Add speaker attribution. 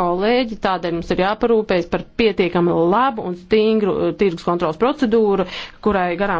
Speaker 1: kolēģi, tādēļ mums ir jāparūpējas par pietiekami labu un stingru eh, tirgus kontrols procedūru, kurai garām